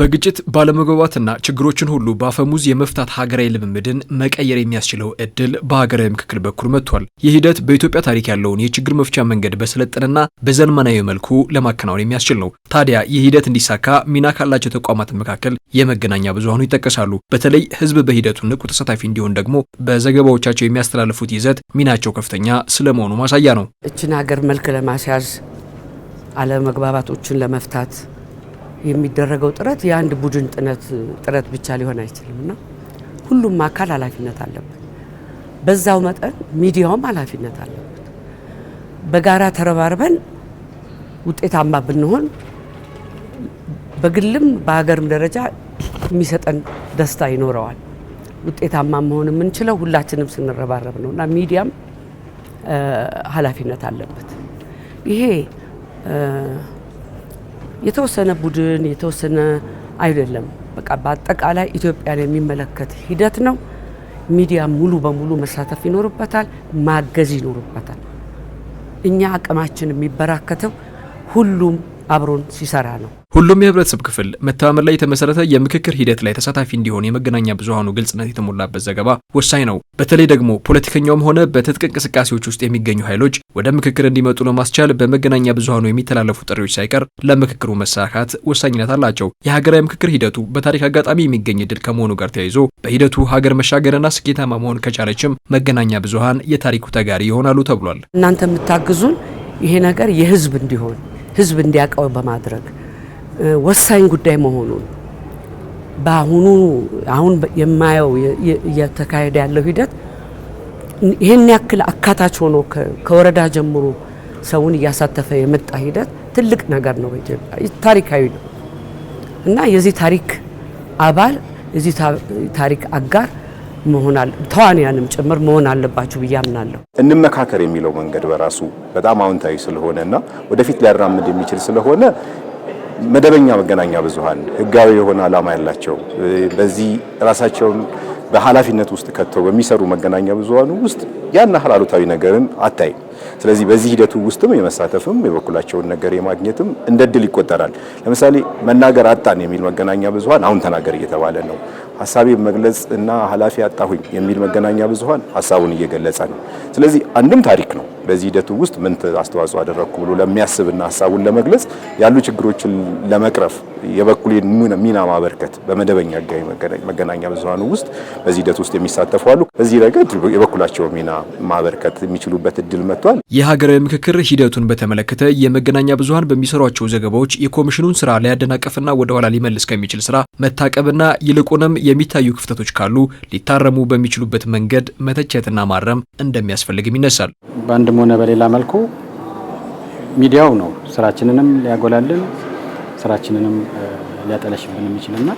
በግጭት ባለመግባባትና ችግሮችን ሁሉ በአፈሙዝ የመፍታት ሀገራዊ ልምምድን መቀየር የሚያስችለው እድል በሀገራዊ ምክክል በኩል መጥቷል። ይህ ሂደት በኢትዮጵያ ታሪክ ያለውን የችግር መፍቻ መንገድ በሰለጠነና በዘመናዊ መልኩ ለማከናወን የሚያስችል ነው። ታዲያ ይህ ሂደት እንዲሳካ ሚና ካላቸው ተቋማት መካከል የመገናኛ ብዙኃኑ ይጠቀሳሉ። በተለይ ህዝብ በሂደቱ ንቁ ተሳታፊ እንዲሆን ደግሞ በዘገባዎቻቸው የሚያስተላልፉት ይዘት ሚናቸው ከፍተኛ ስለመሆኑ ማሳያ ነው። እችን ሀገር መልክ ለማስያዝ አለመግባባቶችን ለመፍታት የሚደረገው ጥረት የአንድ ቡድን ጥረት ብቻ ሊሆን አይችልም እና ሁሉም አካል ኃላፊነት አለበት። በዛው መጠን ሚዲያውም ኃላፊነት አለበት። በጋራ ተረባርበን ውጤታማ ብንሆን በግልም በሀገርም ደረጃ የሚሰጠን ደስታ ይኖረዋል። ውጤታማ መሆን የምንችለው ሁላችንም ስንረባረብ ነው እና ሚዲያም ኃላፊነት አለበት ይሄ የተወሰነ ቡድን የተወሰነ አይደለም። በቃ በአጠቃላይ ኢትዮጵያን የሚመለከት ሂደት ነው። ሚዲያ ሙሉ በሙሉ መሳተፍ ይኖርበታል፣ ማገዝ ይኖርበታል። እኛ አቅማችን የሚበራከተው ሁሉም አብሮን ሲሰራ ነው። ሁሉም የህብረተሰብ ክፍል መተማመን ላይ የተመሰረተ የምክክር ሂደት ላይ ተሳታፊ እንዲሆን የመገናኛ ብዙሀኑ ግልጽነት የተሞላበት ዘገባ ወሳኝ ነው። በተለይ ደግሞ ፖለቲከኛውም ሆነ በትጥቅ እንቅስቃሴዎች ውስጥ የሚገኙ ኃይሎች ወደ ምክክር እንዲመጡ ለማስቻል በመገናኛ ብዙሀኑ የሚተላለፉ ጥሪዎች ሳይቀር ለምክክሩ መሳካት ወሳኝነት አላቸው። የሀገራዊ ምክክር ሂደቱ በታሪክ አጋጣሚ የሚገኝ እድል ከመሆኑ ጋር ተያይዞ በሂደቱ ሀገር መሻገርና ስኬታማ መሆን ከቻለችም መገናኛ ብዙሀን የታሪኩ ተጋሪ ይሆናሉ ተብሏል። እናንተ የምታግዙን ይሄ ነገር የህዝብ እንዲሆን ህዝብ እንዲያውቀው በማድረግ ወሳኝ ጉዳይ መሆኑን በአሁኑ አሁን የማየው እየተካሄደ ያለው ሂደት ይህን ያክል አካታች ሆኖ ከወረዳ ጀምሮ ሰውን እያሳተፈ የመጣ ሂደት ትልቅ ነገር ነው። በኢትዮጵያ ታሪካዊ ነው እና የዚህ ታሪክ አባል የዚህ ታሪክ አጋር ተዋንያንም ጭምር መሆን አለባችሁ ብዬ አምናለሁ። እንመካከር የሚለው መንገድ በራሱ በጣም አዎንታዊ ስለሆነ እና ወደፊት ሊያራምድ የሚችል ስለሆነ መደበኛ መገናኛ ብዙሃን ህጋዊ የሆነ ዓላማ ያላቸው በዚህ ራሳቸውን በኃላፊነት ውስጥ ከተው በሚሰሩ መገናኛ ብዙሃኑ ውስጥ ያን ያህል አሉታዊ ነገርን አታይም። ስለዚህ በዚህ ሂደቱ ውስጥም የመሳተፍም የበኩላቸውን ነገር የማግኘትም እንደ ድል ይቆጠራል። ለምሳሌ መናገር አጣን የሚል መገናኛ ብዙሃን አሁን ተናገር እየተባለ ነው። ሀሳቤ መግለጽ እና ኃላፊ አጣሁኝ የሚል መገናኛ ብዙሃን ሀሳቡን እየገለጸ ነው። ስለዚህ አንድም ታሪክ ነው በዚህ ሂደቱ ውስጥ ምን አስተዋጽኦ አደረግኩ ብሎ ለሚያስብና ሀሳቡን ለመግለጽ ያሉ ችግሮችን ለመቅረፍ የበኩሌን ሚና ማበርከት በመደበኛ ህጋዊ መገናኛ ብዙሃኑ ውስጥ በዚህ ሂደት ውስጥ የሚሳተፉ አሉ። እዚህ ረገድ የበኩላቸው ሚና ማበርከት የሚችሉበት እድል መጥቷል። የሀገራዊ ምክክር ሂደቱን በተመለከተ የመገናኛ ብዙሀን በሚሰሯቸው ዘገባዎች የኮሚሽኑን ስራ ሊያደናቀፍና ወደኋላ ሊመልስ ከሚችል ስራ መታቀብና ይልቁንም የሚታዩ ክፍተቶች ካሉ ሊታረሙ በሚችሉበት መንገድ መተቸትና ማረም እንደሚያስፈልግም ይነሳል። በአንድም ሆነ በሌላ መልኩ ሚዲያው ነው ስራችንንም ሊያጎላልን ስራችንንም ሊያጠለሽብን የሚችልና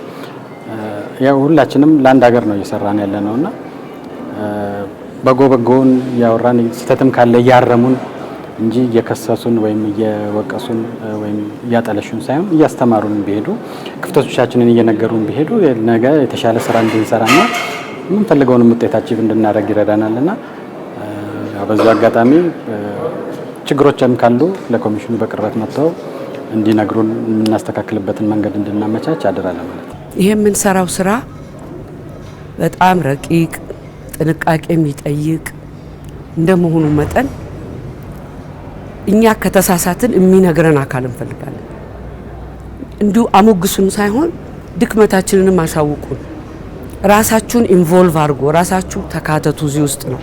ያው ሁላችንም ለአንድ ሀገር ነው እየሰራን ያለ ነውና በጎ በጎውን እያወራን ስህተትም ካለ እያረሙን እንጂ እየከሰሱን ወይም እየወቀሱን ወይም እያጠለሹን ሳይሆን እያስተማሩን ቢሄዱ ክፍተቶቻችንን እየነገሩን ቢሄዱ ነገ የተሻለ ስራ እንድንሰራና የምንፈልገውንም ውጤታችን እንድናደርግ ይረዳናልና በዚሁ አጋጣሚ ችግሮችም ካሉ ለኮሚሽኑ በቅርበት መጥተው እንዲነግሩን የምናስተካክልበትን መንገድ እንድናመቻች አደራለ ማለት ነው። ይህ የምንሰራው ስራ በጣም ረቂቅ ጥንቃቄ የሚጠይቅ እንደመሆኑ መጠን እኛ ከተሳሳትን የሚነግረን አካል እንፈልጋለን። እንዲሁ አሞግሱን ሳይሆን ድክመታችንንም አሳውቁን። ራሳችሁን ኢንቮልቭ አድርጎ ራሳችሁ ተካተቱ እዚህ ውስጥ ነው።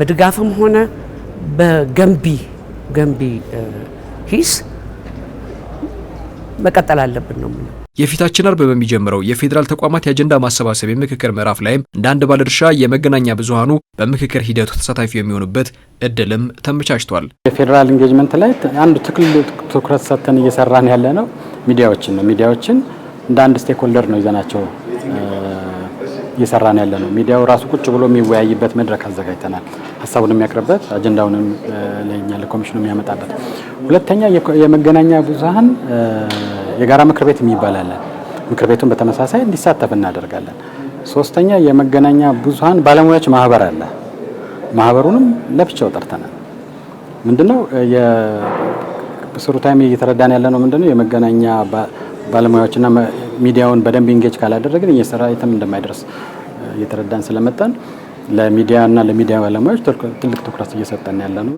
በድጋፍም ሆነ በገንቢ ገንቢ ሂስ መቀጠል አለብን ነው የፊታችን አርብ በሚጀምረው የፌዴራል ተቋማት የአጀንዳ ማሰባሰብ የምክክር ምዕራፍ ላይም እንደ አንድ ባለድርሻ የመገናኛ ብዙሃኑ በምክክር ሂደቱ ተሳታፊ የሚሆኑበት እድልም ተመቻችቷል። የፌዴራል ኢንጌጅመንት ላይ አንዱ ትክል ትኩረት ሰጥተን እየሰራን ያለ ነው ሚዲያዎችን ነው ሚዲያዎችን እንደ አንድ ስቴክሆልደር ነው ይዘናቸው እየሰራን ያለ ነው። ሚዲያው ራሱ ቁጭ ብሎ የሚወያይበት መድረክ አዘጋጅተናል። ሀሳቡን የሚያቅርበት አጀንዳውንም ለኛ ለኮሚሽኑ የሚያመጣበት ሁለተኛ የመገናኛ ብዙሃን የጋራ ምክር ቤት የሚባል አለን። ምክር ቤቱን በተመሳሳይ እንዲሳተፍ እናደርጋለን። ሶስተኛ የመገናኛ ብዙሃን ባለሙያዎች ማህበር አለ። ማህበሩንም ለብቻው ጠርተናል። ምንድነው የስሩ ታይም እየተረዳን ያለ ነው። ምንድነው የመገናኛ ባለሙያዎችና ሚዲያውን በደንብ ኢንጌጅ ካላደረግን የሰራዊትም እንደማይደርስ እየተረዳን ስለመጣን ለሚዲያና ለሚዲያ ባለሙያዎች ትልቅ ትኩረት እየሰጠን ያለ ነው።